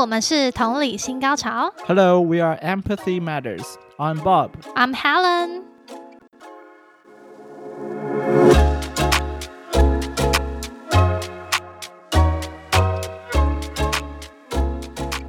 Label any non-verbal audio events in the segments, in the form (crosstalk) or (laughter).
我們是同理心高潮。Hello, we are Empathy Matters. I'm Bob. I'm Helen.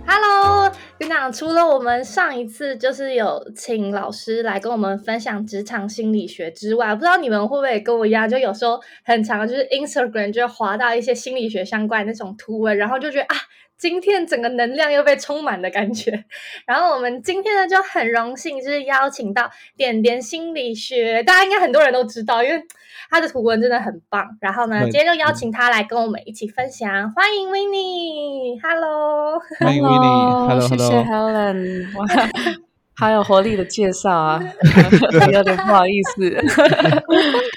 Hello，院長，除了我們上一次就是有請老師來跟我們分享職場心理學之外，我不知道你們會不會跟我一樣，就有時候很常就是 Instagram 就滑到一些心理學相關的那種圖文，然後就覺得啊。今天整個能量又被充滿的感覺，然後我們今天呢就很榮幸，就是邀請到點點心理學，大家應該很多人都知道，因為他的圖文真的很棒。然後呢，今天就邀請他來跟我們一起分享，歡迎 Winnie，Hello，Hello，謝謝 Helen，哇哈哈。 (laughs) 還有活力的介紹啊，有 (laughs) 點對笑 (laughs) (laughs) (laughs) 不好意思。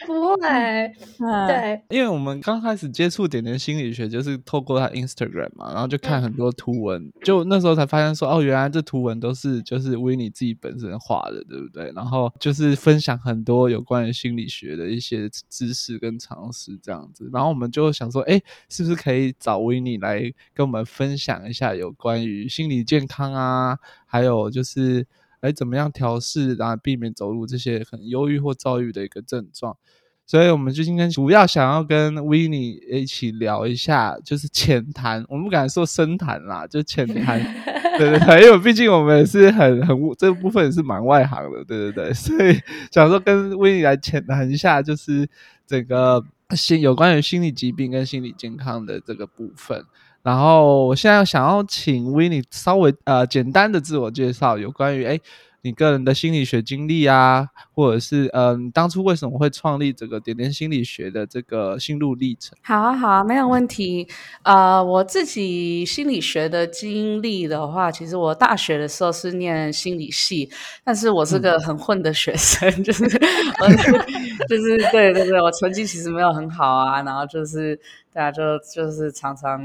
不會 (laughs) 對，因為我們剛開始接觸點點心理學，就是透過他 Instagram 嘛，然後就看很多圖文，就那時候才發現說，哦，原來這圖文都是就是 Winnie 自己本身畫的，對不對？然後就是分享很多有關於心理學的一些知識跟常識這樣子。然後我們就想說，哎、欸，是不是可以找 Winnie 來跟我們分享一下有關於心理健康啊，還有就是。來怎麼樣調試，然後避免走入這些很憂鬱或躁鬱的一個症狀。所以，我們就今天主要想要跟 Winnie 一起聊一下，就是淺談，我們不敢說深談啦，就淺談， (laughs) 對對對。因為畢竟我們是很很這個部分也是蠻外行的，對對對。所以，想說跟 Winnie 來淺談一下，就是整個心有關於心理疾病跟心理健康的這個部分。然後，我現在想要請 Winnie 稍微呃簡單的自我介紹，有關於哎你個人的心理學經歷啊。或者是嗯，當初為什麼會創立這個點點心理學的這個心路歷程？好啊，好啊，沒有問題。呃，我自己心理學的經歷的話，其實我大學的時候是念心理系，但是我是個很混的學生，嗯、 (laughs) 就是，我是，就是，對對對，我成績其實沒有很好啊。然後就是大家、啊、就就是常常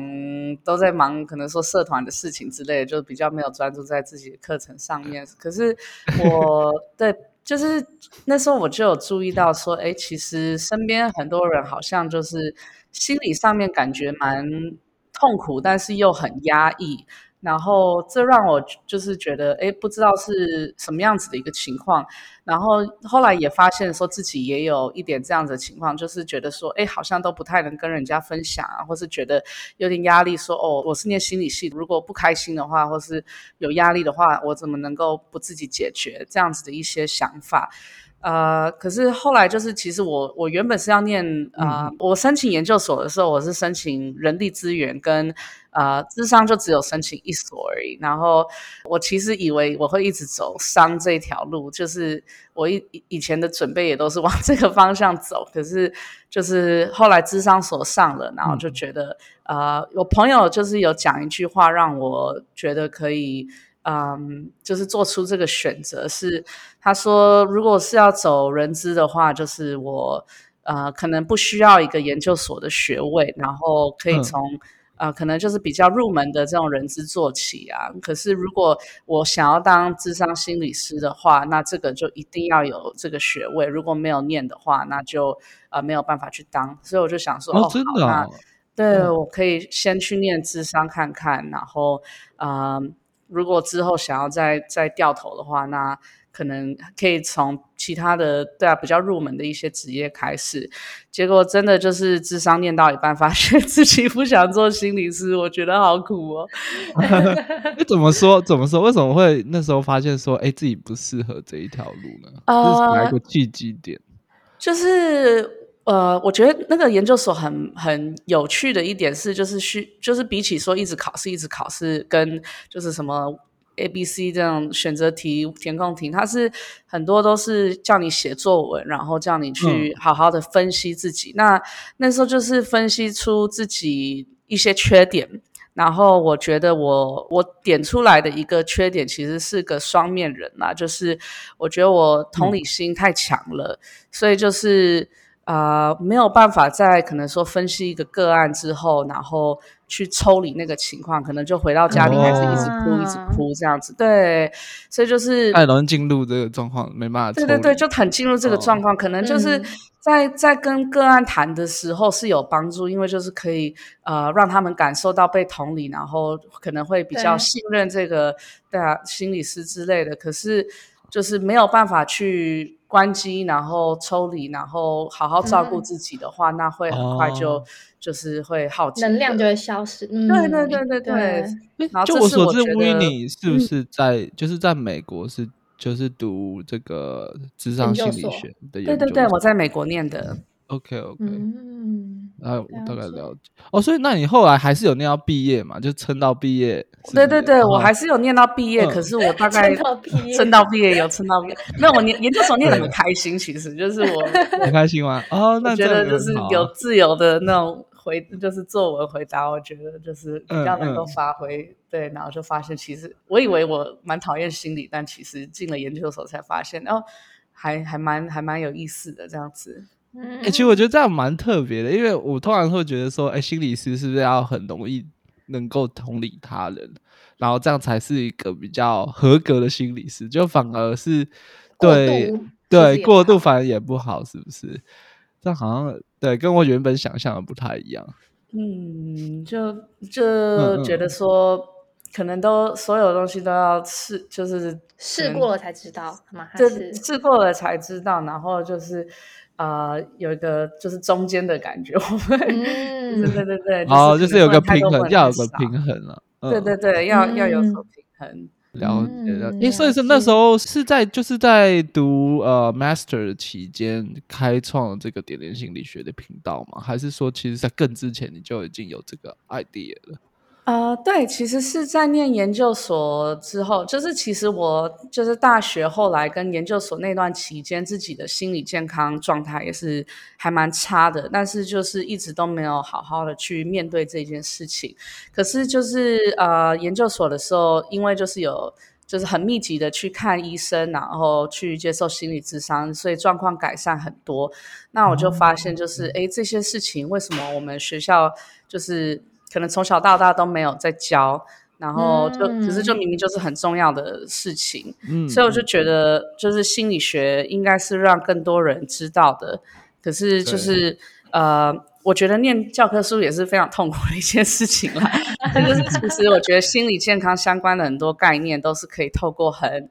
都在忙，可能說社團的事情之類的，就比較沒有專注在自己的課程上面。可是我對， (laughs) 就是那時候我就有注意到說，哎、欸，其實身邊很多人好像就是心理上面感覺蠻痛苦，但是又很壓抑。然後這讓我就是覺得，誒，不知道是什麼樣子的一個情況。然後後來也發現說，自己也有一點這樣子的情況，就是覺得說，誒，好像都不太能跟人家分享啊，或是覺得有點壓力，說，哦，我是念心理系，如果不開心的話，或是有壓力的話，我怎麼能夠不自己解決？這樣子的一些想法。呃，可是後來就是，其實我我原本是要念啊、呃嗯，我申請研究所的時候，我是申請人力資源跟啊，諮、呃、商就只有申請一所而已。然後我其實以為我會一直走商這條路，就是我以以以前的準備也都是往這個方向走。可是就是後來諮商所上了，然後就覺得、嗯、呃，我朋友就是有講一句話，讓我覺得可以。嗯、um,，就是做出這個選擇是，他說如果是要走人資的話，就是我呃可能不需要一個研究所的學位，然後可以從、嗯、呃可能就是比較入門的這種人資做起啊。可是如果我想要當諮商心理師的話，那這個就一定要有這個學位。如果沒有念的話，那就呃沒有辦法去當。所以我就想說哦，那、哦啊哦、對、嗯、我可以先去念諮商看看，然後嗯。呃如果之後想要再再掉頭的話，那可能可以從其他的對啊比較入門的一些職業開始。結果真的就是諮商念到一半，發現自己不想做心理師，我覺得好苦哦、喔。 (laughs) 怎麼說？怎麼說？為什麼會那時候發現說，哎、欸，自己不適合這一條路呢？來、呃、一個契機點，就是。呃，我覺得那個研究所很很有趣的一點是，就是就是比起說一直考試，一直考試，跟就是什麼 A B C 這種選擇題、填空題，它是很多都是叫你寫作文，然後叫你去好好的分析自己。嗯、那那時候就是分析出自己一些缺點，然後我覺得我我點出來的一個缺點其實是個雙面人嘛，就是我覺得我同理心太強了，嗯、所以就是。啊、呃，沒有辦法在可能說分析一個個案之後，然後去抽離那個情況，可能就回到家裡還是一直哭、哦、一直哭這樣子。對，所以就是太容易進入這個狀況，沒辦法。對對對，就很進入這個狀況。哦、可能就是在在跟個案談的時候是有幫助，嗯、因為就是可以呃讓他們感受到被同理，然後可能會比較信任這個大家、啊、心理師之類的。可是就是沒有辦法去。關機，然後抽離，然後好好照顧自己的話、嗯，那會很快就、哦、就是會耗盡能量，就會消失、嗯。對對對對對。對，是我就我所知，Winnie，你是不是在、嗯、就是在美國是、是就是讀這個諮商心理學的研究所？對對對，我在美國念的。嗯 OK OK，嗯，那我大概了解，了解。哦，所以那你後來還是有念到畢業嘛？就撐到畢業？是是對對對，我還是有念到畢業，嗯、可是我大概撐到畢業，撐到畢業有撐到畢業。那 (laughs) 我念研究所念的很開心， (laughs) 其實就是我很開心嗎？哦，那 (laughs) 覺得就是有自由的那種回，就是作文回答，我覺得就是比較能夠發揮。嗯、對，然後就發現，其實我以為我蠻討厭心理、嗯，但其實進了研究所才發現，哦，還還蠻還蠻有意思的這樣子。嗯欸、其實我覺得這樣蠻特別的，因為我突然會覺得說，哎、欸，心理師是不是要很容易能夠同理他人，然後這樣才是一個比較合格的心理師？就反而是對對過度，過度反而也不好，是不是？這好像對跟我原本想象的不太一樣。嗯，就就覺得說，嗯嗯可能都所有東西都要試，就是試過了才知道嘛，就是試過了才知道，然後就是。啊、呃，有一個就是中間的感覺，我 (laughs) 們對對對對、嗯就是哦，就是有個平衡，要有個平衡啊，嗯、對對對，要、嗯、要有所平衡。然了對對對對對，誒、所以說那時候是在就是在讀呃 Master 期間開創這個點點心理學的頻道嘛，還是說其實在更之前你就已經有這個 idea 了？呃，對，其實是在念研究所之後，就是其實我就是大學後來跟研究所那段期間，自己的心理健康狀態也是還蠻差的，但是就是一直都沒有好好的去面對這件事情。可是就是呃，研究所的時候，因為就是有就是很密集的去看醫生，然後去接受心理諮商，所以狀況改善很多。那我就發現就是，哎，這些事情為什麼我們學校就是。可能從小到大都沒有在教，然後就，嗯，可是就明明就是很重要的事情、嗯，所以我就覺得就是心理學應該是讓更多人知道的，可是就是呃，我覺得念教科書也是非常痛苦的一件事情啦。 (laughs) 就是其實我覺得心理健康相關的很多概念都是可以透過很。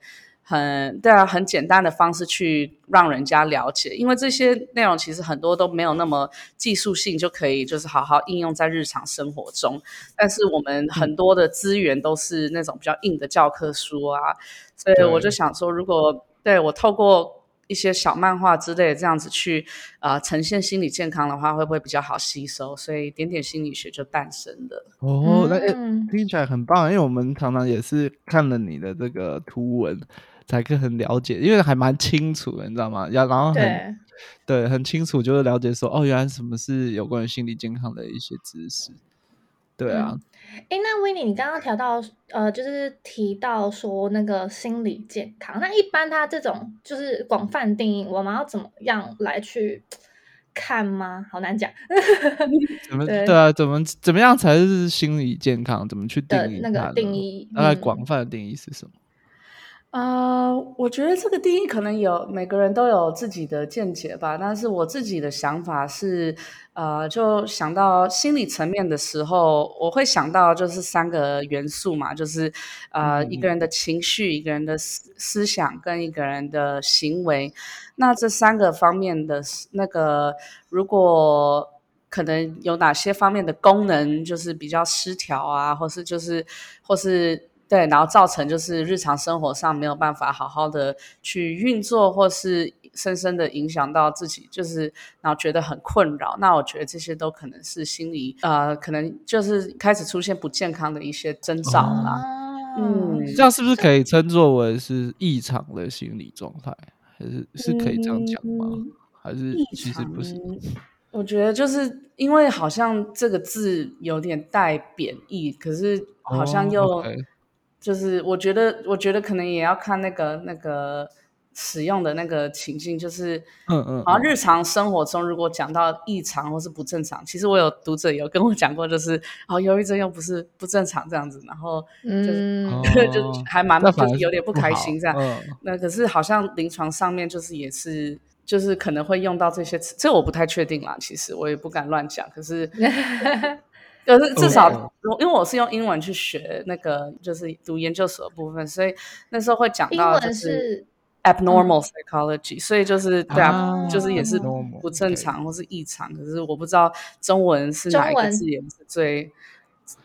很對啊，很簡單的方式去讓人家了解，因為這些內容其實很多都沒有那麼技術性，就可以就是好好應用在日常生活中。但是我們很多的資源都是那種比較硬的教科書啊，所以我就想說，如果對，對我透過一些小漫畫之類的這樣子去啊、呃、呈現心理健康的話，會不會比較好吸收？所以點點心理學就誕生了。哦，那聽起來很棒，因為我們常常也是看了你的這個圖文。才可以很了解，因為還蠻清楚的，你知道嗎？然後很對,對，很清楚，就是了解說哦，原來什麼是有關於心理健康的一些知識。對啊，嗯、誒，那 Winnie 你剛剛調到呃，就是提到說那個心理健康，那一般他這種就是廣泛定義，我們要怎麼樣來去看嗎？好難講。 (laughs) 怎麼對啊？怎麼怎麼樣才是心理健康？怎麼去定義那個定義？那、啊嗯、廣泛的定義是什麼？啊、uh，我覺得這個定義可能有每個人都有自己的見解吧。但是我自己的想法是，呃，就想到心理層面的時候，我會想到就是三個元素嘛，就是，呃，mm -hmm. 一個人的情緒、一個人的思思想跟一個人的行為。那這三個方面的那個，如果可能有哪些方面的功能就是比較失調啊，或是就是或是。對，然後造成就是日常生活上沒有辦法好好的去運作，或是深深的影響到自己，就是然後覺得很困擾。那我覺得這些都可能是心理，呃，可能就是開始出現不健康的一些徵兆啦。啊、嗯，這樣是不是可以稱作為是異常的心理狀態？還是是可以這樣講嗎？嗯、還是其實不是？我覺得就是因為好像這個字有點帶貶義，可是好像又、哦。Okay 就是我覺得，我覺得可能也要看那個那個使用的那個情境，就是嗯嗯，好像日常生活中如果講到異常或是不正常，嗯嗯哦、其實我有讀者有跟我講過，就是哦，憂鬱症又不是不正常這樣子，然後、就是、嗯， (laughs) 就就還蠻就、嗯、有點不開心這樣、嗯，那可是好像臨床上面就是也是就是可能會用到這些詞，這我不太確定啦，其實我也不敢亂講，可是。嗯 (laughs) 可是至少，我、okay。因為我是用英文去學那個，就是讀研究所的部分，所以那時候會講到，就是 abnormal psychology，是所以就是對啊，啊，就是也是不正常或是異常。啊 okay。可是我不知道中文是哪一個字眼是最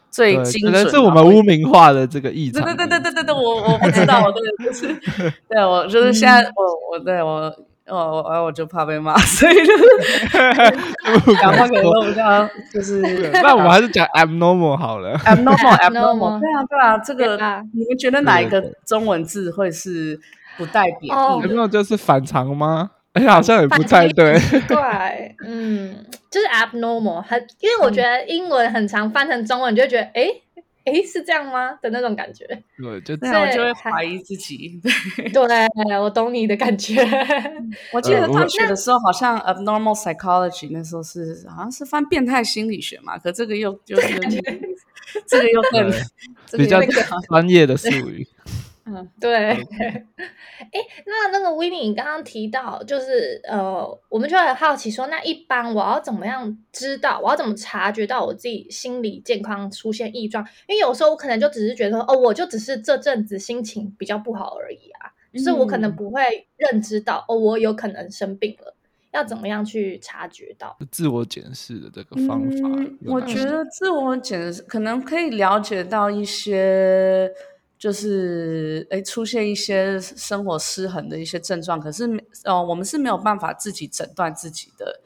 最精準，可能是我們污名化的這個異常。對對對對對對，對我我不知道，我真的是，對我就是現在我我對我。我對我哦，我就怕被罵，所以就講話可能比較就是。 (laughs) (laughs) (laughs) (laughs) (laughs) 那我們還是講 abnormal 好了。 (laughs) abnormal, abnormal abnormal 對啊對啊，這個你們覺得哪一個中文字會是不帶貶義？abnormal 就是反常嗎？ (laughs) 而且好像也不太對。對，嗯，就是 abnormal 很，因為我覺得英文很常翻成中文，嗯、就覺得哎。欸哎，是這樣嗎的那種感覺？對，就對我就會懷疑自己對。對，我懂你的感覺。 (laughs) 我記得大學的時候，好像 abnormal psychology，那時候是好像是翻變態心理學嘛。可這個又又、就是這個又更、這個、是個比較專業的術語。嗯，對。Okay. 欸、那那個 Winnie 剛剛提到，就是呃，我們就很好奇說，那一般我要怎麼樣知道，我要怎麼察覺到我自己心理健康出現異狀？因為有時候我可能就只是覺得說，哦，我就只是這陣子心情比較不好而已啊、嗯，就是我可能不會認知到，哦，我有可能生病了，要怎麼樣去察覺到？自我檢視的這個方法，嗯、我覺得自我檢視可能可以了解到一些。就是，哎，出現一些生活失衡的一些症狀，可是，哦，我們是沒有辦法自己診斷自己的。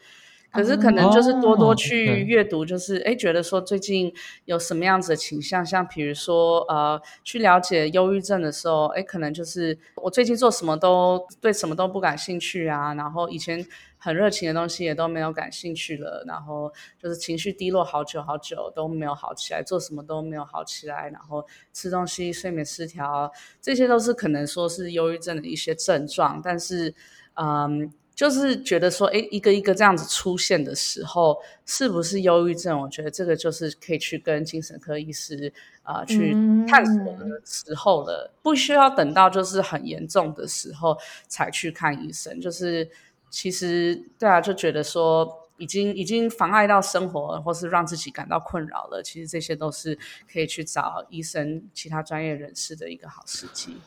可是可能就是多多去閱讀，就是哎、oh, okay.，覺得說最近有什麼樣子的傾向，像比如說呃，去了解憂鬱症的時候，哎，可能就是我最近做什麼都對什麼都不感興趣啊，然後以前很熱情的東西也都沒有感興趣了，然後就是情緒低落好久好久都沒有好起來，做什麼都沒有好起來，然後吃東西睡眠失調，這些都是可能說是憂鬱症的一些症狀，但是嗯。就是覺得說誒，一個一個這樣子出現的時候，是不是憂鬱症？我覺得這個就是可以去跟精神科醫師啊、呃、去探索的時候了，不需要等到就是很嚴重的時候才去看醫生。就是其實對啊，就覺得說已經已經妨礙到生活，或是讓自己感到困擾了。其實這些都是可以去找醫生、其他專業人士的一個好時機。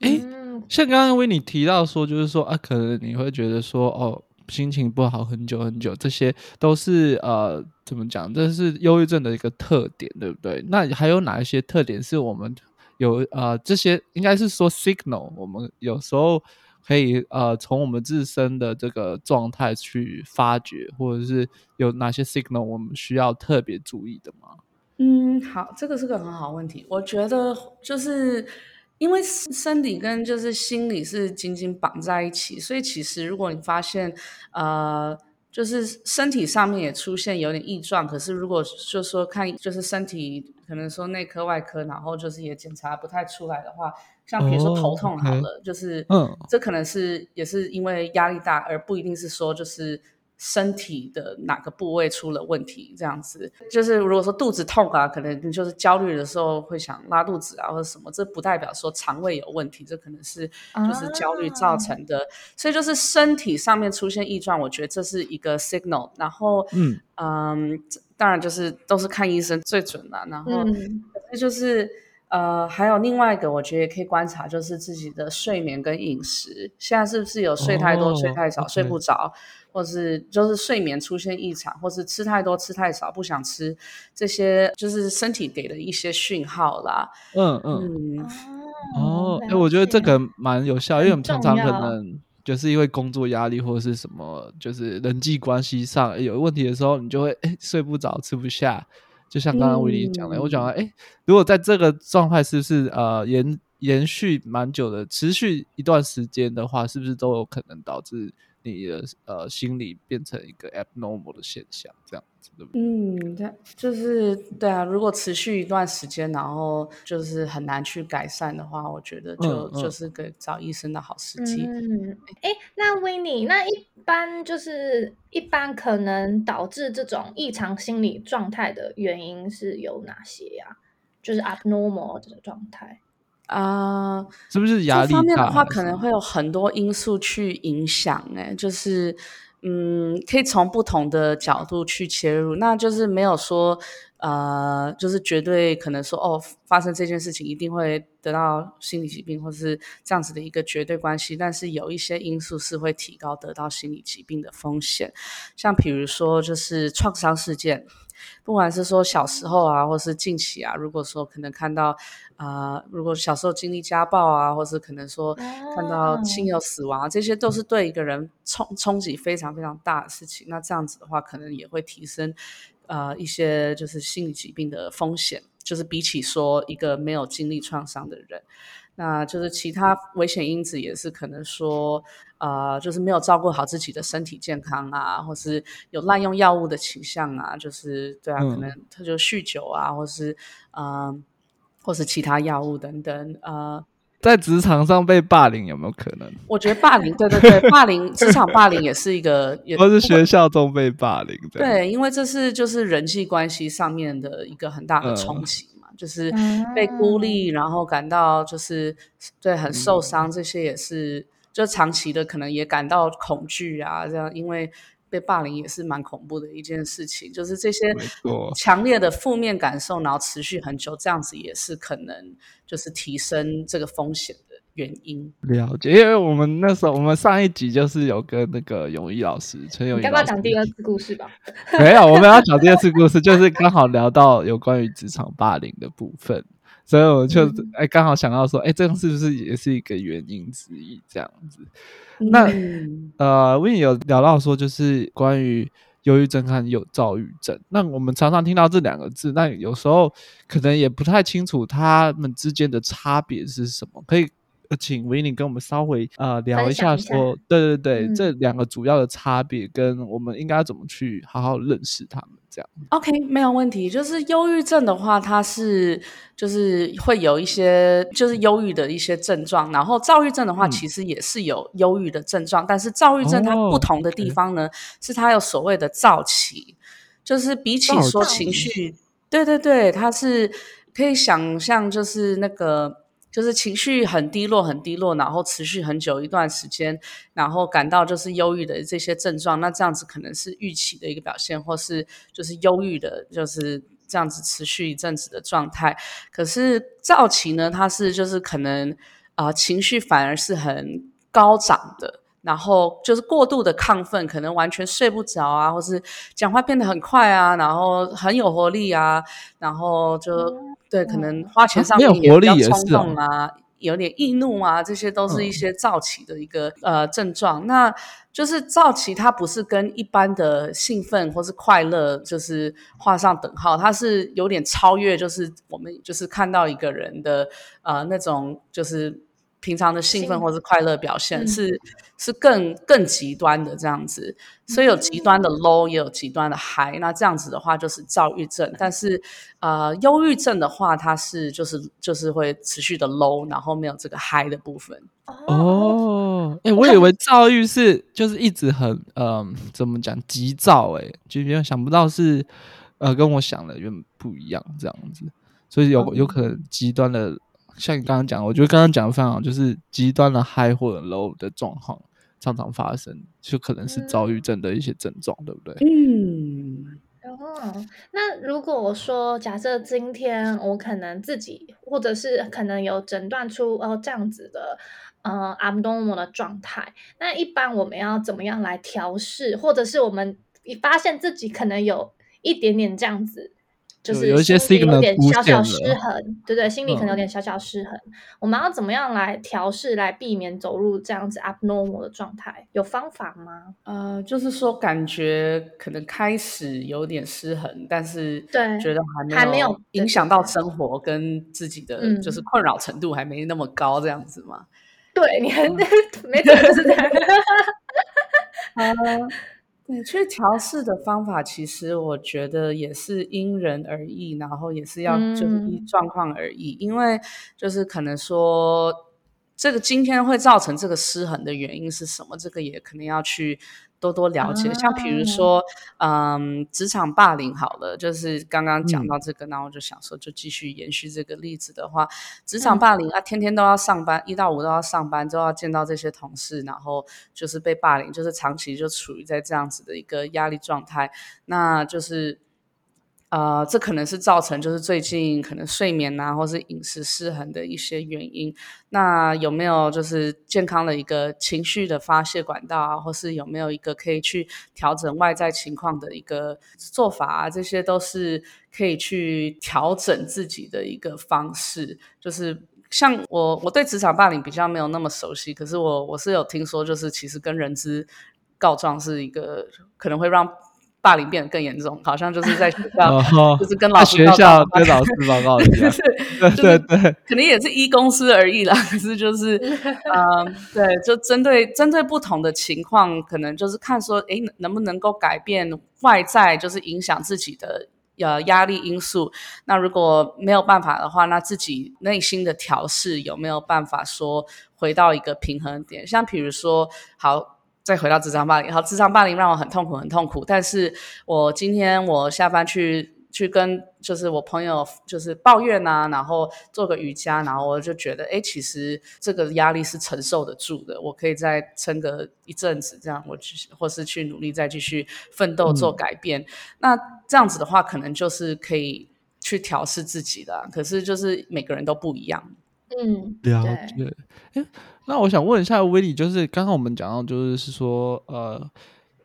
哎、嗯，像剛剛 Winnie 你提到說，就是說啊，可能你會覺得說，哦，心情不好很久很久，這些都是呃，怎麼講？這是憂鬱症的一個特點，對不對？那還有哪一些特點是我們有啊、呃？這些應該是說 signal，我們有時候可以呃，從我們自身的這個狀態去發覺，或者是有哪些 signal 我們需要特別注意的嗎？嗯，好，這個是個很好問題，我覺得就是。因為身體跟就是心理是緊緊綁在一起，所以其實如果你發現，呃，就是身體上面也出現有點異狀，可是如果就說看就是身體可能說內科外科，然後就是也檢查不太出來的話，像比如說頭痛好了，Oh, okay. 就是嗯，這可能是也是因為壓力大，而不一定是說就是。身體的哪個部位出了問題？這樣子就是，如果說肚子痛啊，可能就是焦慮的時候會想拉肚子啊，或者什麼，這不代表說腸胃有問題，這可能是就是焦慮造成的。啊、所以就是身體上面出現異狀，我覺得這是一個 signal。然後，嗯、呃、當然就是都是看醫生最準了。然後，嗯、就是呃，還有另外一個，我覺得也可以觀察，就是自己的睡眠跟飲食，現在是不是有睡太多、oh, 睡太少、okay. 睡不着？或是就是睡眠出現異常，或是吃太多、吃太少、不想吃，這些就是身體給的一些訊號啦。嗯嗯，嗯哦、欸、我覺得這個蠻有效很，因為我們常常可能就是因為工作壓力或者是什麼，就是人際關係上有問題的時候，你就會、欸、睡不着吃不下。就像剛剛 Winnie 講的，嗯、我講的、欸、如果在這個狀態是不是呃延延續蠻久的，持續一段時間的話，是不是都有可能導致？你的呃心理變成一個 abnormal 的現象，這樣子的。嗯，對，就是對啊。如果持續一段時間，然後就是很難去改善的話，我覺得就、嗯、就是個找醫生的好時機。嗯哎、嗯欸，那 Winnie，那一般就是一般可能導致這種異常心理狀態的原因是有哪些呀、啊？就是 abnormal 的狀態。啊、uh，是不是壓力大方面的話，可能會有很多因素去影響，欸。哎，就是，嗯，可以從不同的角度去切入。那就是沒有說，呃，就是絕對可能說，哦，發生這件事情一定會得到心理疾病，或是這樣子的一個絕對關係。但是有一些因素是會提高得到心理疾病的風險，像比如說就是創傷事件。不管是說小時候啊，或是近期啊，如果說可能看到，啊、呃，如果小時候經歷家暴啊，或是可能說看到親友死亡啊，這些都是對一個人衝衝擊非常非常大的事情。那這樣子的話，可能也會提升，啊、呃，一些就是心理疾病的風險，就是比起說一個沒有經歷創傷的人。那就是其他危險因子也是可能說，呃，就是沒有照顧好自己的身體健康啊，或是有濫用藥物的傾向啊，就是對啊，嗯、可能他就酗酒啊，或是呃，或是其他藥物等等，呃，在職場上被霸凌有沒有可能？我覺得霸凌，對對對，霸凌，職場霸凌也是一個 (laughs) 也，或是學校中被霸凌。對，對，因為這是就是人際關係上面的一個很大的衝擊。嗯就是被孤立，然後感到就是對很受傷，這些也是，就長期的可能也感到恐懼啊，這樣，因為被霸凌也是蠻恐怖的一件事情，就是這些強烈的負面感受，然後持續很久，這樣子也是可能就是提升這個風險。原因。了解，因為我們那時候，我們上一集就是有跟那個永毅老師，陳永毅。你該不要講第二次故事吧？ (laughs) 沒有，我們要講第二次故事， (laughs) 就是剛好聊到有關於職場霸凌的部分，所以我就、嗯、哎剛好想到說，哎，這個是不是也是一個原因之一？這樣子。那、嗯、呃，我也有聊到說，就是關於憂鬱症和有躁鬱症。那我們常常聽到這兩個字，那有時候可能也不太清楚它們之間的差別是什麼，可以。請維尼跟我們稍微呃聊一下說，說對對對、嗯，這兩個主要的差別跟我們應該怎麼去好好認識他們這樣。OK，沒有問題。就是憂鬱症的話，它是就是會有一些就是憂鬱的一些症狀，然後躁鬱症的話，其實也是有憂鬱的症狀，嗯、但是躁鬱症它不同的地方呢，oh, okay. 是它有所謂的躁期就是比起說情緒，對對對，它是可以想象就是那個。就是情緒很低落很低落，然後持續很久一段時間，然後感到就是憂鬱的這些症狀，那這樣子可能是預期的一個表現，或是就是憂鬱的，就是這樣子持續一陣子的狀態。可是躁症呢，它是就是可能啊、呃，情緒反而是很高漲的。然後就是過度的亢奮，可能完全睡不着啊，或是講話變得很快啊，然後很有活力啊，然後就、嗯、對，可能花錢上面也比較衝動啊，有，啊有點易怒啊，這些都是一些躁期的一個、嗯、呃症狀。那就是躁期，它不是跟一般的興奮或是快樂就是畫上等號，它是有點超越，就是我們就是看到一個人的呃那種就是。平常的興奮或是快樂表現是、嗯、是，是更更極端的這樣子，所以有極端的 low 也有極端的 high。那這樣子的話就是躁鬱症，但是呃，憂鬱症的話，它是就是就是會持續的 low，然後沒有這個 high 的部分。哦，誒、哦欸，我以為躁鬱是就是一直很嗯、呃，怎麼講急躁、欸，哎，就因為想不到是呃跟我想的原本不一樣這樣子，所以有、嗯、有可能極端的。像你剛剛講，我覺得剛剛講的非常好，就是極端的 high 或者 low 的狀況常常發生，就可能是躁鬱症的一些症狀、嗯，對不對？嗯。哦，那如果我說假設今天我可能自己或者是可能有診斷出哦、呃、這樣子的，嗯 abnormal 的狀態，那一般我們要怎麼樣來調試，或者是我們一發現自己可能有一點點這樣子？就是心裡有點小小失衡，對，對對，心裡可能有點小小失衡。嗯、我們要怎麼樣來調適，來避免走入這樣子 abnormal 的狀態？有方法嗎？呃，就是說感覺可能開始有點失衡，嗯、但是對，覺得還沒有影響到生活跟自己的，就是困擾程度還沒那麼高，這樣子嗎？嗯、對，你看，沒、嗯、錯，就是這樣。好、 (laughs) (laughs) 呃。對，所以調試的方法，其實我覺得也是因人而異，然後也是要就是因狀況而異、嗯。因為就是可能說，這個今天會造成這個失衡的原因是什麼，這個也可能要去。多多了解，像比如說，嗯，職場霸凌好了，就是剛剛講到這個，然後就想說，就繼續延續這個例子的話，職場霸凌啊，天天都要上班，一到五都要上班，都要見到這些同事，然後就是被霸凌，就是長期就處於在這樣子的一個壓力狀態，那就是。呃，這可能是造成就是最近可能睡眠啊，或是飲食失衡的一些原因。那有沒有就是健康的一個情緒的發洩管道啊，或是有沒有一個可以去調整外在情況的一個做法啊？這些都是可以去調整自己的一個方式。就是像我，我對職場霸凌比較沒有那麼熟悉，可是我我是有聽說，就是其實跟人資告狀是一個可能會讓。霸凌變得更嚴重，好像就是在學校， (laughs) 就是跟老師報告，哦，在學校跟老師報告一樣、 (laughs) 就是就是，對，對對，可能也是一公司而已啦，就是就是，嗯、呃，對，就針對針對不同的情況，可能就是看說，哎，欸，能不能夠改變外在，就是影響自己的呃壓力因素。那如果沒有辦法的話，那自己內心的調適有沒有辦法說回到一個平衡點？像比如說，好。再回到職場霸凌，好，職場霸凌讓我很痛苦，很痛苦。但是，我今天我下班去去跟就是我朋友就是抱怨吶、啊，然後做個瑜伽，然後我就覺得，誒，其實這個壓力是承受得住的，我可以再撐個一陣子，這樣我去或是去努力再繼續奮鬥做改變。嗯、那這樣子的話，可能就是可以去調適自己的、啊，可是就是每個人都不一樣。嗯，了解。哎，那我想問一下 Winnie 就是剛剛我們講到，就是是說，呃，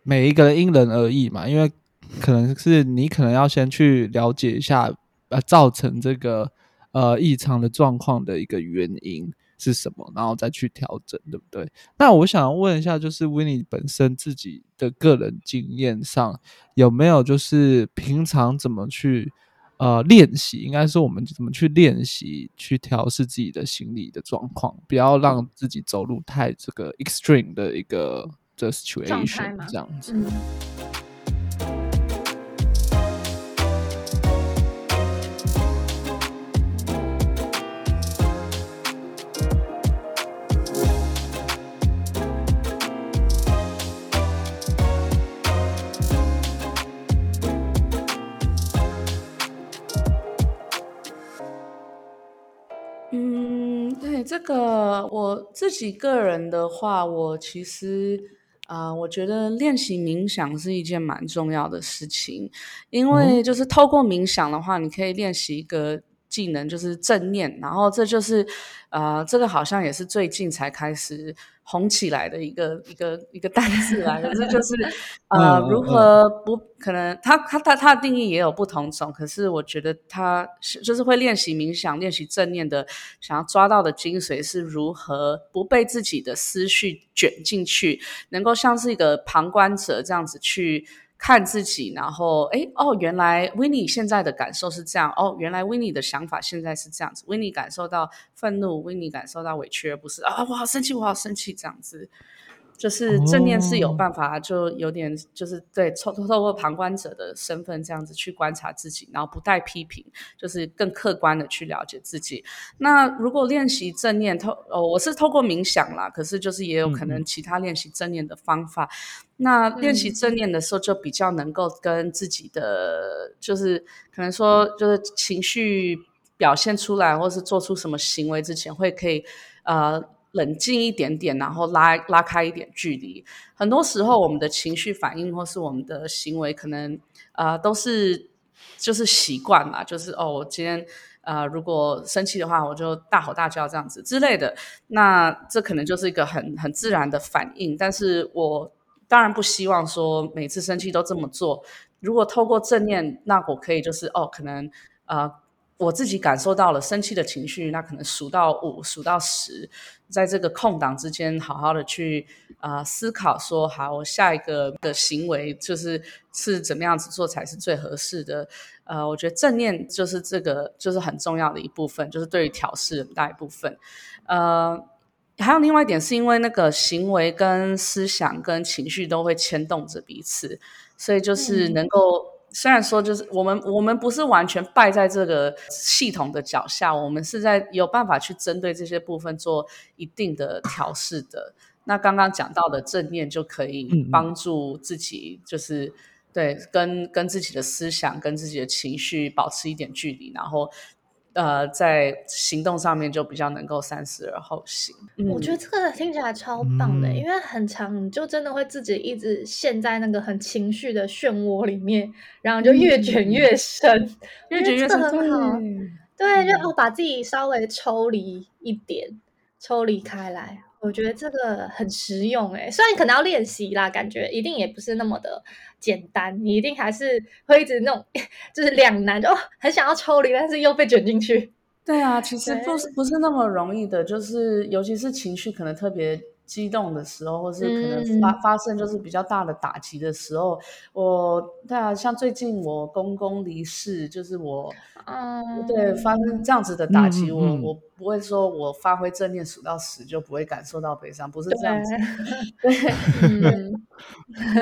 每一個人因人而異嘛，因為可能是你可能要先去了解一下，呃，造成這個呃異常的狀況的一個原因是什麼，然後再去調整，對不對？那我想問一下，就是 Winnie 本身自己的個人經驗上有沒有，就是平常怎麼去？呃，練習應該是我們怎麼去練習，去調試自己的心理的狀況，不要讓自己走入太這個 extreme 的一個，這個 situation，這樣子。嗯這個我自己個人的話，我其實啊、呃，我覺得練習冥想是一件蠻重要的事情，因為就是透過冥想的話，你可以練習一個。技能就是正念，然後這就是，呃，這個好像也是最近才開始紅起來的一個一個一個單字啊，的 (laughs) 這就是，呃， (laughs) 如何不可能？他他他他的定義也有不同種，可是我覺得他就是會練習冥想、練習正念的，想要抓到的精髓是如何不被自己的思緒捲進去，能夠像是一個旁觀者這樣子去。看自己，然後誒哦，原來 Winnie 現在的感受是這樣。哦，原來 Winnie 的想法現在是這樣子。Winnie 感受到憤怒，Winnie 感受到委屈，而不是啊、哦，我好生氣，我好生氣這樣子。就是正念是有辦法，哦、就有點就是對透透過旁觀者的身份這樣子去觀察自己，然後不帶批評，就是更客觀的去了解自己。那如果練習正念，透哦，我是透過冥想啦，可是就是也有可能其他練習正念的方法。嗯嗯那練習正念的時候，就比較能夠跟自己的，就是可能說就是情緒表現出來，或是做出什麼行為之前，會可以啊。呃冷靜一點點，然後拉拉開一點距離。很多時候，我們的情緒反應或是我們的行為，可能啊、呃，都是就是習慣嘛，就是哦，我今天啊、呃，如果生氣的話，我就大吼大叫這樣子之類的。那這可能就是一個很很自然的反應，但是我當然不希望說每次生氣都這麼做。如果透過正念，那我可以就是哦，可能啊。呃我自己感受到了生氣的情緒，那可能數到五，數到十，在這個空檔之間，好好的去啊、呃、思考說，好，我下一個的行為就是是怎麼樣子做才是最合適的。呃，我覺得正念就是這個，就是很重要的一部分，就是對於調適很大一部分。呃，還有另外一點，是因為那個行為跟思想跟情緒都會牽動着彼此，所以就是能夠、嗯。雖然說，就是我們我們不是完全敗在這個系統的腳下，我們是在有辦法去針對這些部分做一定的調試的。那剛剛講到的正念就可以幫助自己，就是、嗯、對跟跟自己的思想、跟自己的情緒保持一點距離，然後。呃，在行動上面就比較能夠三思而後行。我覺得這個聽起來超棒的，嗯、因為很常，你就真的會自己一直陷在那個很情緒的漩渦裡面，然後就越捲越深，嗯、越捲越深。這個很好，對，嗯、就我把自己稍微抽離一點，嗯、抽離開來。我覺得這個很實用哎，雖然可能要練習啦，感覺一定也不是那麼的簡單，你一定還是會一直弄，就是兩難，就、哦、很想要抽離，但是又被捲進去。對啊，其實不是不是那麼容易的，就是尤其是情緒可能特別，激動的時候，或是可能發發生就是比較大的打擊的時候，嗯、我對啊，像最近我公公離世，就是我，嗯，對，發生這樣子的打擊，嗯嗯嗯，我我不會說我發揮正念數到十就不會感受到悲傷，不是這樣子對，對，嗯，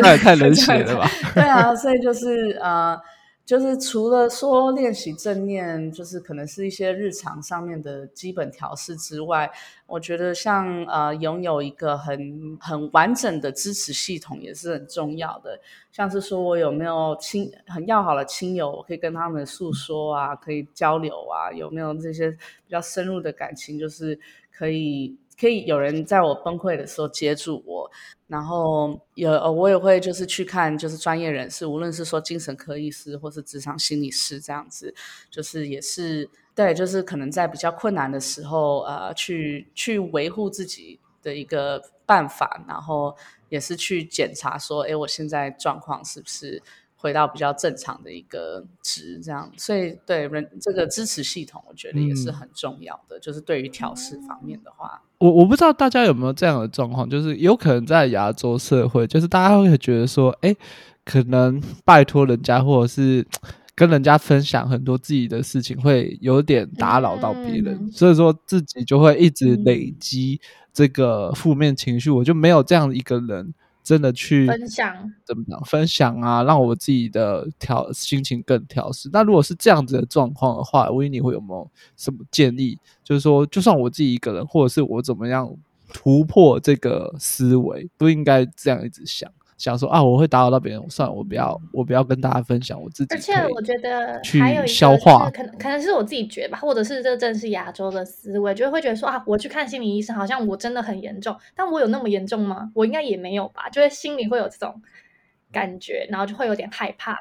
那 (laughs) 也太冷血了吧？ (laughs) 對啊，所以就是呃。就是除了說練習正念，就是可能是一些日常上面的基本調試之外，我覺得像呃擁有一個很很完整的支持系統也是很重要的。像是說我有沒有親很要好的親友，我可以跟他們訴說啊，可以交流啊，有沒有這些比較深入的感情，就是可以。可以有人在我崩潰的時候接住我，然後有，我也會就是去看就是專業人士，無論是說精神科醫師或是諮商心理師這樣子，就是也是對，就是可能在比較困難的時候，啊、呃，去去維護自己的一個辦法，然後也是去檢查說，哎，我現在狀況是不是？回到比較正常的一個值，這樣，所以對人這個支持系統，我覺得也是很重要的。嗯、就是對於調適方面的話，我我不知道大家有沒有這樣的狀況，就是有可能在亞洲社會，就是大家會覺得說，哎、欸，可能拜托人家，或者是跟人家分享很多自己的事情，會有點打擾到別人，嗯，所以說自己就會一直累積這個負面情緒，嗯。我就沒有這樣一個人。真的去分享怎麼講？分享啊，讓我自己的調心情更調適。那如果是這樣子的狀況的話，Winnie 你會有沒有什麼建議？就是說，就算我自己一個人，或者是我怎麼樣突破這個思維，不應該這樣一直想。想說啊，我會打擾到別人，算了，我不要，我不要跟大家分享我自己。而且我覺得去消化，可能可能是我自己覺得吧，或者是這正是亞洲的思維，就會覺得說啊，我去看心理醫生，好像我真的很嚴重，但我有那麼嚴重嗎？我應該也沒有吧，就是心裡會有這種感覺，然後就會有點害怕。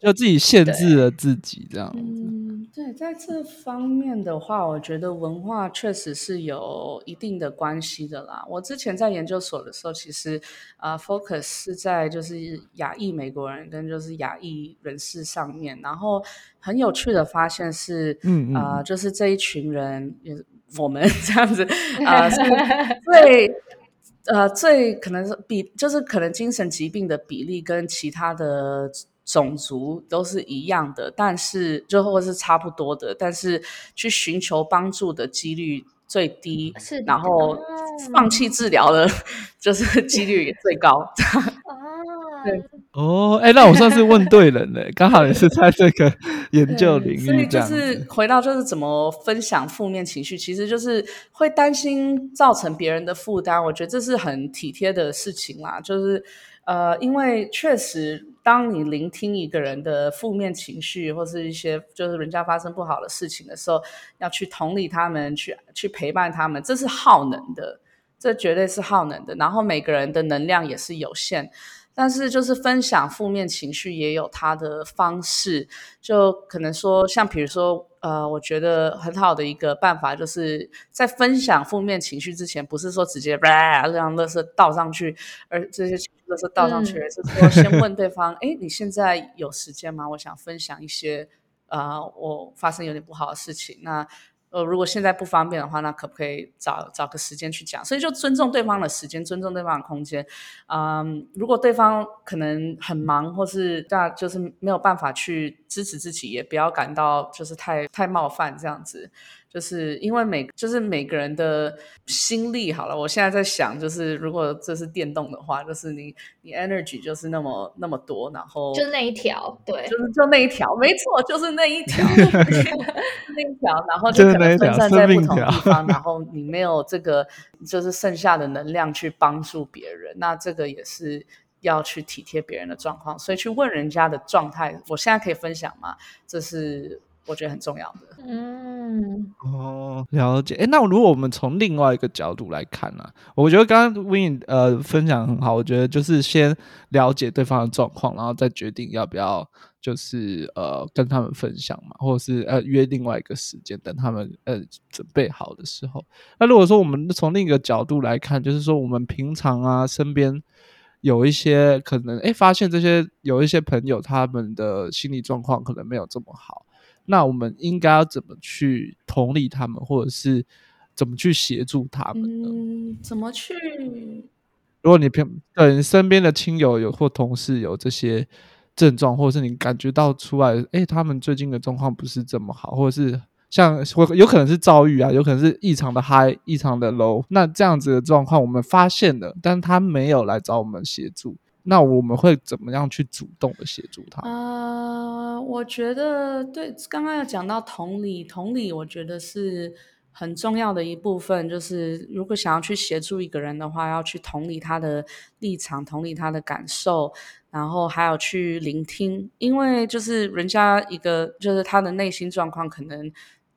就自己限制了自己這樣。嗯，對，在這方面的話，我覺得文化確實是有一定的關係的啦。我之前在研究所的時候，其實啊，呃，focus 是在就是亞裔美國人跟就是亞裔人士上面，然後很有趣的發現是，嗯啊，呃嗯，就是這一群人，我們這樣子啊，最呃、 (laughs) 呃最可能是比就是可能精神疾病的比例跟其他的。種族都是一樣的，但是最後是差不多的，但是去尋求幫助的幾率最低，是然後放棄治療的就是幾率也最高。哦 (laughs) (laughs) ，哎、oh, 欸，那我算是問對人了，剛 (laughs) 好也是在這個研究領域。 (laughs) 所以就是回到就是怎麼分享負面情緒，其實就是會擔心造成別人的負擔，我覺得這是很體貼的事情啦。就是呃，因為確實。當你聆聽一個人的負面情緒，或是一些就是人家發生不好的事情的時候，要去同理他們，去去陪伴他們，這是耗能的，這絕對是耗能的。然後每個人的能量也是有限，但是就是分享負面情緒也有它的方式，就可能說像比如說，呃，我覺得很好的一個辦法就是在分享負面情緒之前，不是說直接啪，這樣垃圾倒上去，而這些情緒。是倒上去，是、嗯、說先問對方，哎， (laughs) 你現在有時間嗎？我想分享一些，啊、呃，我發生有點不好的事情。那，呃，如果現在不方便的話，那可不可以找找個時間去講？所以就尊重對方的時間，尊重對方的空間。嗯、呃，如果對方可能很忙，或是那就是沒有辦法去支持自己，也不要感到就是太太冒犯這樣子。就是因為每就是每個人的心力好了，我現在在想，就是如果這是電動的話，就是你你 energy 就是那麼那麼多，然後就那一條，對，就是就那一條，沒錯，就是那一條， (laughs) (laughs) (laughs) 就是那一條，然後就可能分散在不同的地方，就是，然後你沒有這個就是剩下的能量去幫助別人， (laughs) (laughs) (laughs) 那這個也是要去體貼別人的狀況，所以去問人家的狀態，我現在可以分享嗎？這是。我覺得很重要的，嗯，哦，了解。誒那如果我們從另外一個角度來看呢？啊？我覺得剛剛 Winnie 呃分享很好，我覺得就是先了解對方的狀況，然後再決定要不要就是呃跟他們分享嘛，或者是呃約另外一個時間，等他們呃準備好的時候。那如果說我們從另一個角度來看，就是說我們平常啊，身邊有一些可能哎發現這些有一些朋友他們的心理狀況可能沒有這麼好。那我們應該要怎麼去同理他們，或者是怎麼去協助他們呢？嗯、怎麼去？如果你平等身邊的親友有或同事有這些症狀，或者是你感覺到出來，誒、哎，他們最近的狀況不是這麼好，或者是像有可能是躁鬱啊，有可能是異常的 high、異常的 low，那這樣子的狀況，我們發現了，但他沒有來找我們協助。那我們會怎麼樣去主動的協助他？呃，我覺得對，剛剛要講到同理，同理我覺得是很重要的一部分，就是如果想要去協助一個人的話，要去同理他的立場，同理他的感受，然後還有去聆聽，因為就是人家一個就是他的內心狀況可能。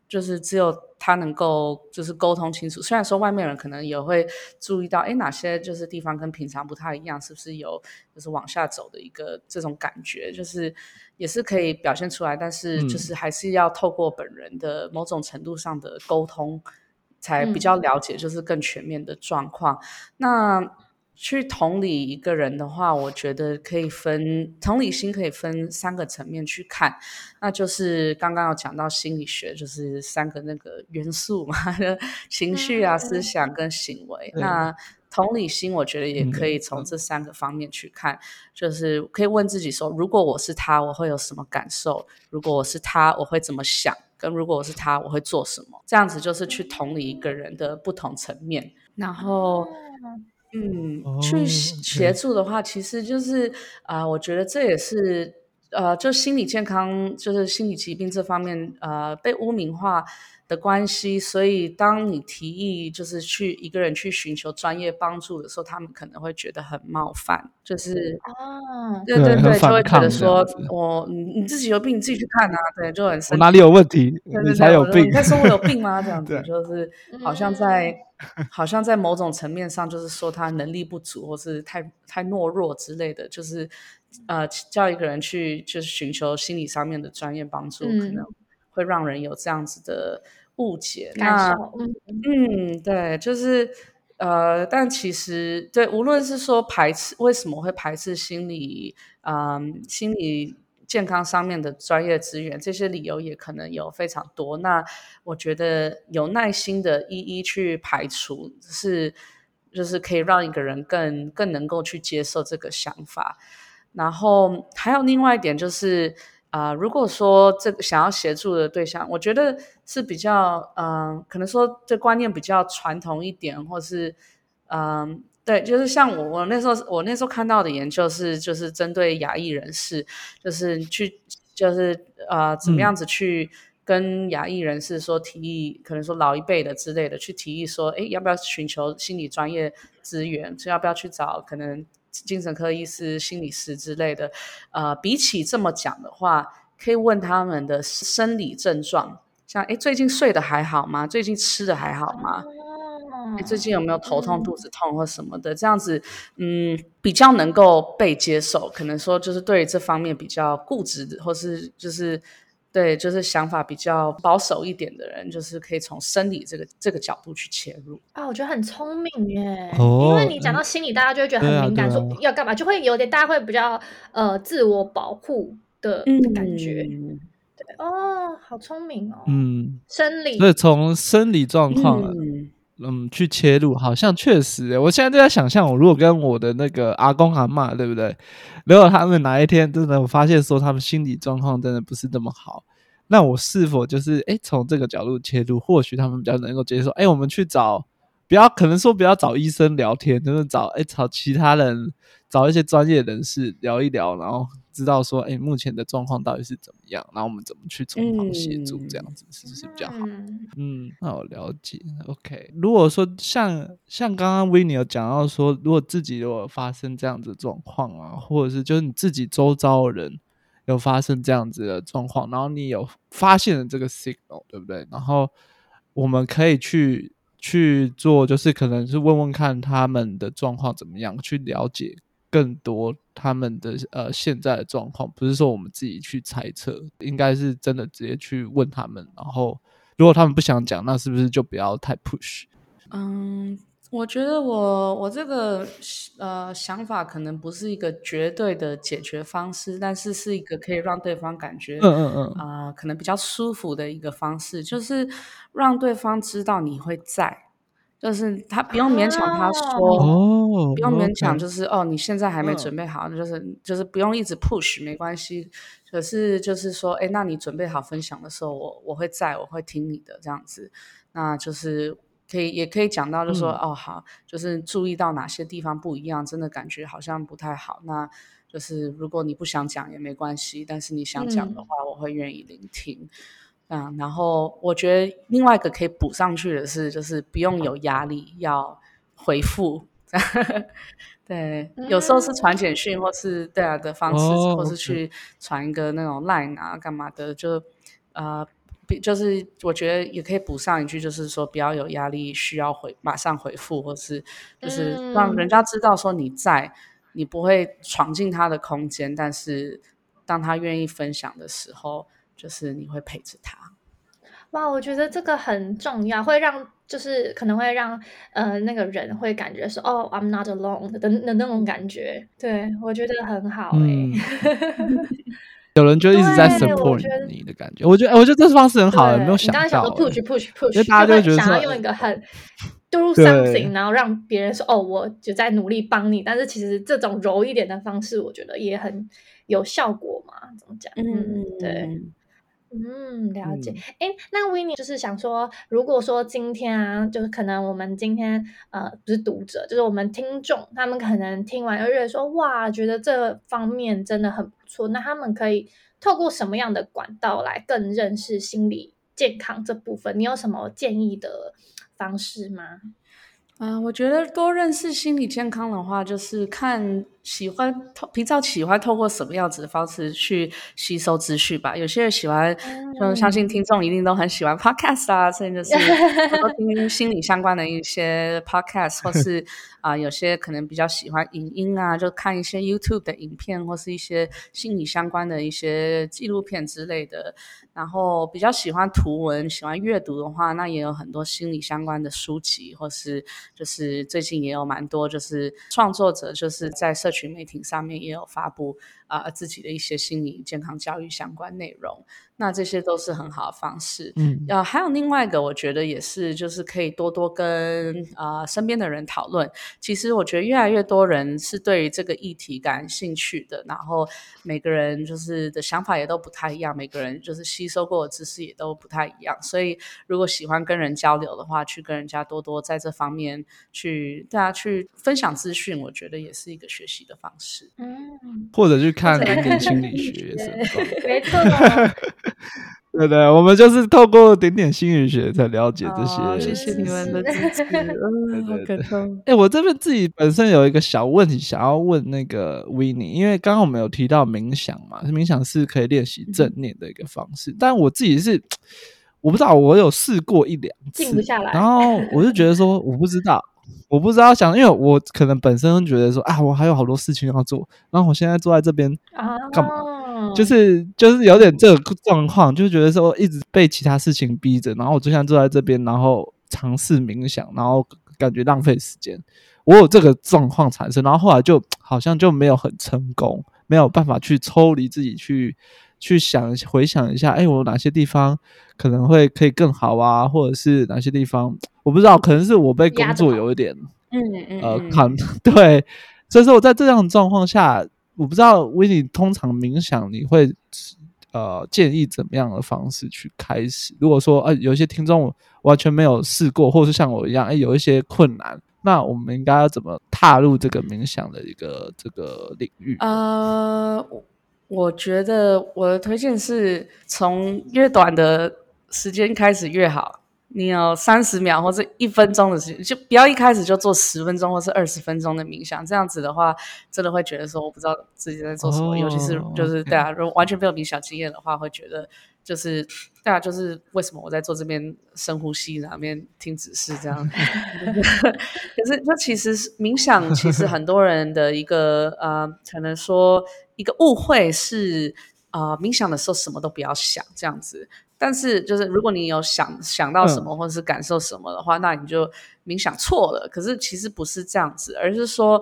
就是只有他能夠，就是溝通清楚。雖然說外面人可能也會注意到，哎，哪些就是地方跟平常不太一樣，是不是有就是往下走的一個這種感覺，就是也是可以表現出來。但是就是還是要透過本人的某種程度上的溝通，才比較了解，就是更全面的狀況。嗯、那。去同理一個人的話，我覺得可以分同理心可以分三個層面去看，那就是剛剛有講到心理學，就是三個那個元素嘛， (laughs) 情緒啊、嗯、思想跟行為。那同理心，我覺得也可以從這三個方面去看，就是可以問自己說、嗯，如果我是他，我會有什麼感受？如果我是他，我會怎麼想？跟如果我是他，我會做什麼？這樣子就是去同理一個人的不同層面，然後。嗯嗯，oh, okay. 去協助的話，其實就是啊、呃，我覺得這也是呃，就心理健康，就是心理疾病這方面呃，被污名化。的關係，所以當你提議就是去一個人去尋求專業幫助的時候，他們可能會覺得很冒犯，就是、啊、對對對，就會覺得說我你你自己有病，你自己去看啊，對，就很我哪裡有問題，對對對你才有病，你在說我有病嗎？這樣子 (laughs) 就是好像在好像在某種層面上，就是說他能力不足，或是太太懦弱之類的，就是呃，叫一個人去就是尋求心理上面的專業幫助，可、嗯、能。會讓人有這樣子的誤解。那，嗯，對，就是，呃，但其實，對，無論是說排斥，為什麼會排斥心理，嗯、呃，心理健康上面的專業資源，這些理由也可能有非常多。那我覺得有耐心的一一去排除，就是，就是可以讓一個人更更能夠去接受這個想法。然後還有另外一點就是。啊、呃，如果說這想要協助的對象，我覺得是比較，嗯、呃，可能說這觀念比較傳統一點，或是，嗯、呃，對，就是像我我那時候我那時候看到的研究是，就是針對亞裔人士，就是去，就是啊、呃、怎麼樣子去跟亞裔人士說，提議、嗯，可能說老一輩的之類的，去提議說，哎，要不要尋求心理專業資源，所以要不要去找可能。精神科醫師、心理師之類的，呃，比起這麼講的話，可以問他們的生理症狀，像，哎、欸，最近睡得還好嗎？最近吃得還好嗎？欸，最近有沒有頭痛、肚子痛或什麼的？這樣子，嗯，比較能夠被接受。可能說就是對於這方面比較固執，或是就是。對，就是想法比較保守一點的人，就是可以從生理這個這個角度去切入啊。我覺得很聰明耶、哦，因為你講到心理，大家就會覺得很敏感，嗯啊啊、說要幹嘛，就會有點大家會比較呃自我保護的、嗯、的感覺。對哦，好聰明哦，嗯，生理，那從生理狀況啊，嗯，去切入，好像確實。我現在就在想象，我如果跟我的那個阿公阿嬤，對不對？如果他們哪一天真的我發現說他們心理狀況真的不是那麼好。那我是否就是哎，從、欸、這個角度切入，或許他們比較能夠接受。哎、欸，我們去找，不要可能說不要找醫生聊天，就是找哎、欸、找其他人，找一些專業人士聊一聊，然後知道說哎、欸、目前的狀況到底是怎麼樣，然後我們怎麼去從旁協助，這樣子、嗯、是不是比較好嗯？嗯，那我了解。OK，如果說像像剛剛 Winnie 有講到說，如果自己有發生這樣子狀況啊，或者是就是你自己周遭的人。有發生這樣子的狀況，然後你有發現了這個 signal，對不對？然後我們可以去去做，就是可能是問問看他們的狀況怎麼樣，去了解更多他們的呃現在的狀況，不是說我們自己去猜測，應該是真的直接去問他們。然後如果他們不想講，那是不是就不要太 push？嗯、um...。我覺得我我這個呃想法，可能不是一個絕對的解決方式，但是是一個可以讓對方感覺啊、uh, uh, uh. 呃、可能比較舒服的一個方式，就是讓對方知道你會在，就是他不用勉強他說、uh. 不用勉強就是、oh, okay. 哦，你現在還沒準備好，就是就是不用一直 push，沒關係，可是、就是就是說哎，那你準備好分享的時候，我我會在，我會聽你的這樣子，那就是。可以，也可以講到就，就、嗯、說哦，好，就是注意到哪些地方不一樣，真的感覺好像不太好。那就是如果你不想講也沒關係，但是你想講的話，我會願意聆聽嗯。嗯，然後我覺得另外一個可以補上去的是，就是不用有壓力要回復。 (laughs) 對，有時候是傳簡訊或是對啊的方式，嗯、或是去傳一個那種 Line 啊幹嘛的，oh, okay. 就啊。呃就是我覺得也可以補上一句，就是說不要有壓力，需要回馬上回復，或是就是讓人家知道說你在，嗯，你不會闖進他的空間，但是當他願意分享的時候，就是你會陪着他。哇，我覺得這個很重要，會讓就是可能會讓呃那個人會感覺說哦，oh,，I'm not alone 的的，的，的，的，的，嗯、那種感覺。對，我覺得很好，欸嗯 (laughs) 有人就一直在 support 你的感覺，我覺，我覺得，我覺得這方式很好、欸，有沒有想到、欸、想說？push push push，因為就覺就會想要用一個很 do something，然後讓別人說，哦，我就在努力幫你，但是其實這種柔一點的方式，我覺得也很有效果嘛，怎麼講？嗯，對。嗯，了解。哎，那 Winnie 就是想說，如果說今天啊，就是可能我們今天呃，不是讀者，就是我們聽眾，他們可能聽完就覺得說哇，覺得這方面真的很不錯，那他們可以透過什麼樣的管道來更認識心理健康這部分？你有什麼建議的方式嗎？嗯、呃，我覺得多認識心理健康的話，就是看喜歡透，比較喜歡透過什麼樣子的方式去吸收資訊吧。有些人喜歡，就相信聽眾一定都很喜歡 podcast 啦、啊嗯，所以就是很多聽心理相關的一些 podcast， (laughs) 或是啊、呃，有些可能比較喜歡影音啊，就看一些 YouTube 的影片，或是一些心理相關的一些紀錄片之類的。然後比較喜歡圖文、喜歡閱讀的話，那也有很多心理相關的書籍，或是就是最近也有蠻多就是創作者，就是在社群媒體上面也有發布啊，呃，自己的一些心理健康教育相關內容。那這些都是很好的方式，嗯，呃，還有另外一個，我覺得也是，就是可以多多跟啊、呃、身邊的人討論。其實我覺得越來越多人是對於這個議題感興趣的，然後每個人就是的想法也都不太一樣，每個人就是吸收過的知識也都不太一樣。所以如果喜歡跟人交流的話，去跟人家多多在這方面去大家、啊、去分享資訊，我覺得也是一個學習的方式。嗯，或者去看跟心理學也是很好 (laughs) 沒錯錯啦。 (laughs) (laughs) 對對，我們就是透過點點心理學才了解這些。哦、謝謝你們的 (laughs) 對對對、 (laughs) 欸、我這邊自己本身有一個小問題想要問那個 Winnie，因為剛剛我們有提到冥想嘛，冥想是可以練習正念的一個方式。嗯、但我自己是我不知道，我有試過一兩次，靜不下來，然後我就覺得說，我不知道，我不知道，想，因為我可能本身覺得說，啊，我還有好多事情要做，然後我現在坐在這邊幹嘛？哦就是就是有點這個狀況，就覺得說一直被其他事情逼着，然後我就想坐在這邊，然後嘗試冥想，然後感覺浪費時間。我有這個狀況產生，然後後來就好像就沒有很成功，沒有辦法去抽離自己去去想回想一下，哎、欸，我哪些地方可能會可以更好啊，或者是哪些地方我不知道，可能是我被工作有一點，嗯嗯，呃，扛對，所以說我在這樣的狀況下。我不知道 Winnie 通常冥想，你會呃建議怎麼樣的方式去開始？如果說呃有些聽眾完全沒有試過，或者是像我一樣哎、呃、有一些困難，那我們應該要怎麼踏入這個冥想的一個、嗯、這個領域？呃，我覺得我的推薦是從越短的時間開始越好。你有三十秒或者一分鐘的時間，就不要一開始就做十分鐘或是二十分鐘的冥想。這樣子的話，真的會覺得說我不知道自己在做什麼，Oh, 尤其是就是大家、okay. 如果完全沒有冥想經驗的話，會覺得就是大家、啊、就是為什麼我在做這邊深呼吸，後面聽指示這樣？ (laughs) (laughs) 可是這其實冥想，其實很多人的一個 (laughs) 呃可能說一個誤會是呃冥想的時候什麼都不要想，這樣子。但是，就是如果你有想想到什麼，或者是感受什麼的話，嗯，那你就冥想錯了。可是其實不是這樣子，而是說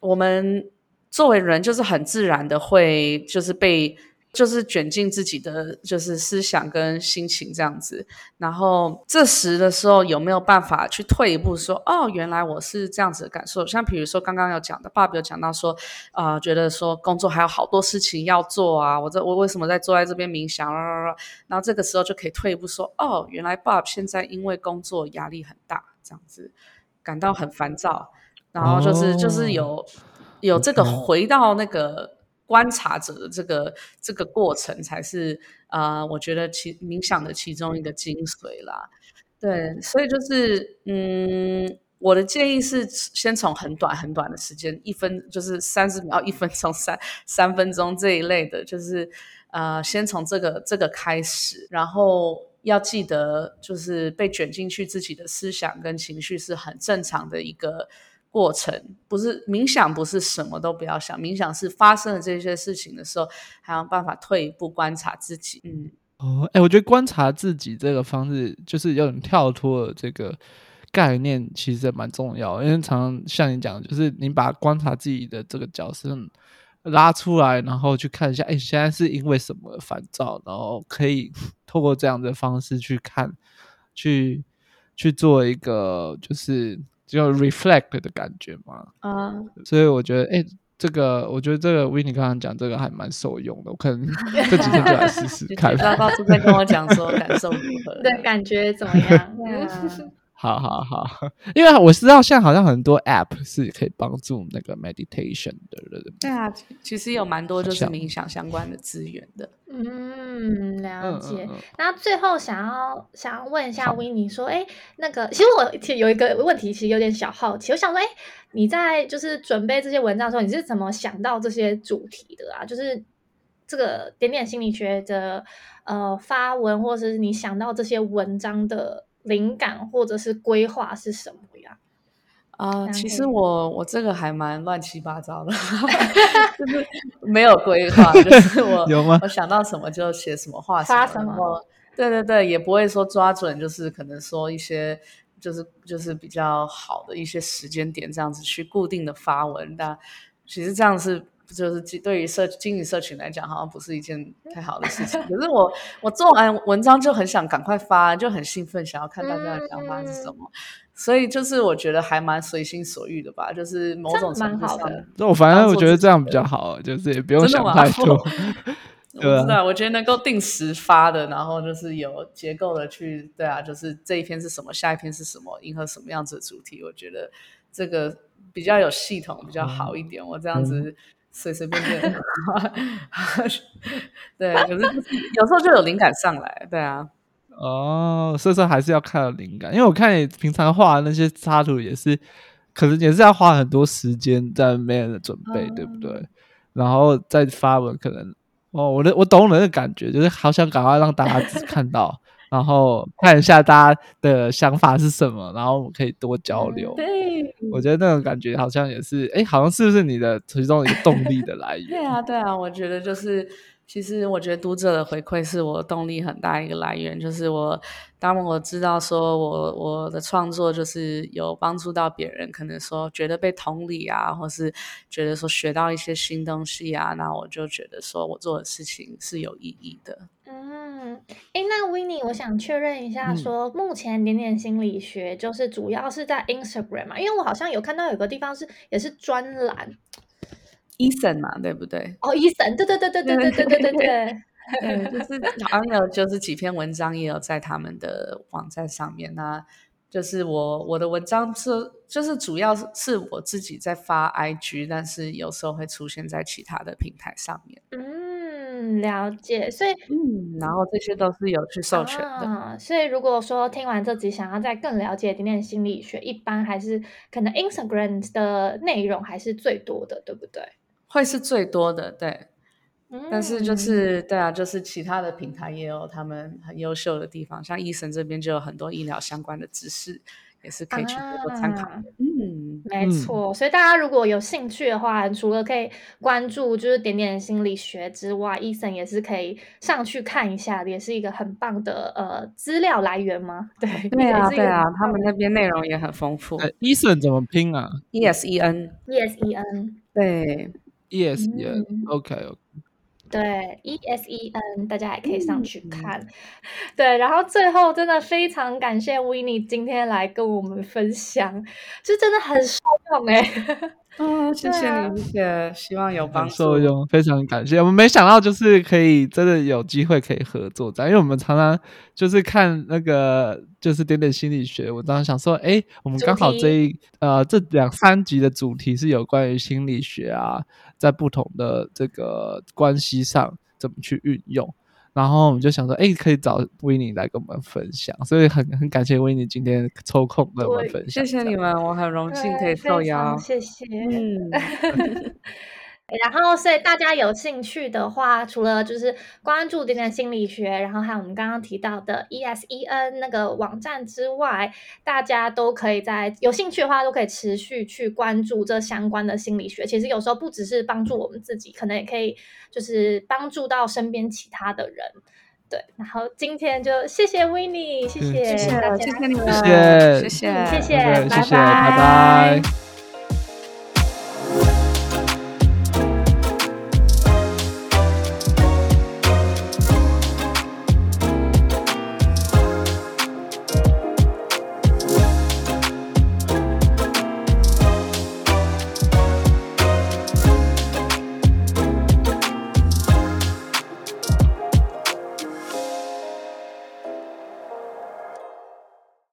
我們作為人，就是很自然的會，就是被。就是捲進自己的就是思想跟心情這樣子，然後這時的時候有沒有辦法去退一步說，哦，原來我是這樣子的感受。像比如說剛剛有講的，Bob 有講到說，啊、呃，覺得說工作還有好多事情要做啊，我這我為什麼在坐在這邊冥想啦啦啦？然後這個時候就可以退一步說，哦，原來 Bob 現在因為工作壓力很大，這樣子感到很煩躁，然後就是、oh, 就是有有這個回到那個。Okay. 觀察者的這個這個過程才是啊，呃，我覺得其冥想的其中一個精髓啦。對，所以就是嗯，我的建議是先從很短很短的時間，一分就是三十秒、一分鐘、三三分鐘這一類的，就是呃，先從這個這個開始，然後要記得就是被捲進去自己的思想跟情緒是很正常的一個。過程不是冥想，不是什麼都不要想。冥想是發生了這些事情的時候，還有辦法退一步觀察自己。嗯哦，哎、欸，我覺得觀察自己這個方式，就是有點跳脫的這個概念，其實也蠻重要。因為常常像你講，就是你把觀察自己的這個角色拉出來，然後去看一下，哎、欸，現在是因為什麼煩躁？然後可以透過這樣的方式去看，去去做一個就是。就有 reflect 的感覺嘛，啊、uh-huh.，所以我覺得，哎、欸，這個，我覺得這個 Winnie 剛剛講這個還蠻受用的，我可能這幾天就來試試看， (laughs) 你他到處在跟我講說感受如何， (laughs) (laughs) 對，感覺怎麼樣？ (laughs) Yeah . (laughs) 好好好，因為我知道現在好像很多 App 是可以幫助那個 meditation 的。對啊，其實有蠻多就是冥想相關的資源的。 (laughs) 嗯，了解嗯嗯嗯。那最後想要想要問一下 Winnie 說，哎、欸，那個其實我有一個問題，其實有點小好奇，我想說，哎、欸，你在就是準備這些文章的時候，你是怎麼想到這些主題的啊？就是這個點點心理學的呃發文，或者是你想到這些文章的。靈感或者是規劃是什麼呀、啊？啊、呃，其實我我這個還蠻亂七八糟的， (laughs) (laughs) 是不是 (laughs) 沒有規劃，就是我 (laughs) 有嗎？我想到什麼就寫什麼話題，什麼，什麼。對對對，也不會說抓準，就是可能說一些，就是就是比較好的一些時間點，這樣子去固定的發文。但其實這樣是。就是對於社經營社群來講，好像不是一件太好的事情。 (laughs) 可是我我做完文章就很想趕快發，就很興奮，想要看大家的想法是什麼。所以就是我覺得還蠻隨心所欲的吧，就是某種程度上，蠻好的。我反正我覺得這樣比較好，就是也不用想太多。真的嗎？ (laughs) (laughs) 對、啊、我，我覺得能夠定時發的，然後就是有結構的去，對啊，就是這一篇是什麼，下一篇是什麼，迎合什麼樣子的主題，我覺得這個比較有系統，比較好一點。嗯、我這樣子。嗯。隨隨便便， (laughs) 對，可是有時候就有靈感上來，對啊。哦，所以說還是要看靈感，因為我看你平常畫那些插圖也是，可能也是要花很多時間在沒人的準備、嗯，對不對？然後在發文，可能，哦，我的我懂你的感覺，就是好想趕快讓大家看到。 (laughs) 然後看一下大家的想法是什麼，然後我們可以多交流。對，我覺得那種感覺好像也是，哎、欸，好像是不是你的其中一個動力的來源？ (laughs) 對啊，對啊，我覺得就是，其實我覺得讀者的回饋是我動力很大一個來源，就是我當我知道說我我的創作就是有幫助到別人，可能說覺得被同理啊，或是覺得說學到一些新東西啊，那我就覺得說我做的事情是有意義的。嗯。我想確認一下說，說、嗯、目前點點心理學就是主要是在 Instagram 嘛？因為我好像有看到有個地方是也是專欄，Eason 嘛，對不對？哦，Eason，對對對對對對對對對對，就是偶爾 (laughs) 就是幾篇文章也有在他們的網站上面。那就是我我的文章是就是主要是是我自己在發 IG，但是有時候會出現在其他的平台上面。嗯。嗯，了解，所以嗯，然後這些都是有去授權的，啊、所以如果說聽完這集，想要再更了解一點點心理，理學，一般還是可能 Instagram 的內容還是最多的，對不對？會是最多的，對。嗯，但是就是對啊，就是其他的平台也有他們很優秀的地方，像醫生這邊就有很多醫療相關的知識。也是可以去多多參考的。啊，嗯，沒錯。所以大家如果有興趣的話，除了可以關注就是點點心理學之外，嗯、Eason 也是可以上去看一下的，也是一個很棒的呃資料來源嗎？對，對啊，對啊，他們那邊內容也很豐富。欸，Eason 怎麼拼啊？E S E N，E S E N，對，E S E N，OK，嗯，OK, okay.。對，e s e n，大家還可以上去看，嗯。對，然後最後真的非常感謝 Winnie 今天來跟我們分享，就真的很受用哎，欸。嗯、 (laughs) 啊，謝謝你，謝謝，希望有幫助受用。非常感謝，我們沒想到就是可以真的有機會可以合作，這樣，因為我們常常就是看那個就是點點心理學，我常常想說，哎，我們剛好這一呃這兩三集的主題是有關於心理學啊。在不同的這個關係上怎麼去運用，然後我們就想說，哎，可以找 Winnie 來跟我們分享，所以很很感謝 Winnie 今天抽空跟我們分享。謝謝你們，我很榮幸可以受邀。謝謝。嗯。 (laughs) 然後，所以大家有興趣的話，除了就是關注點點心理學，然後還有我們剛剛提到的 E S E N 那個網站之外，大家都可以在有興趣的話，都可以持續去關注這相關的心理學。其實有時候不只是幫助我們自己，可能也可以就是幫助到身邊其他的人。對，然後今天就謝謝 Winnie，謝謝大家，謝謝，謝謝,謝謝，謝謝，謝謝，拜拜。謝謝拜拜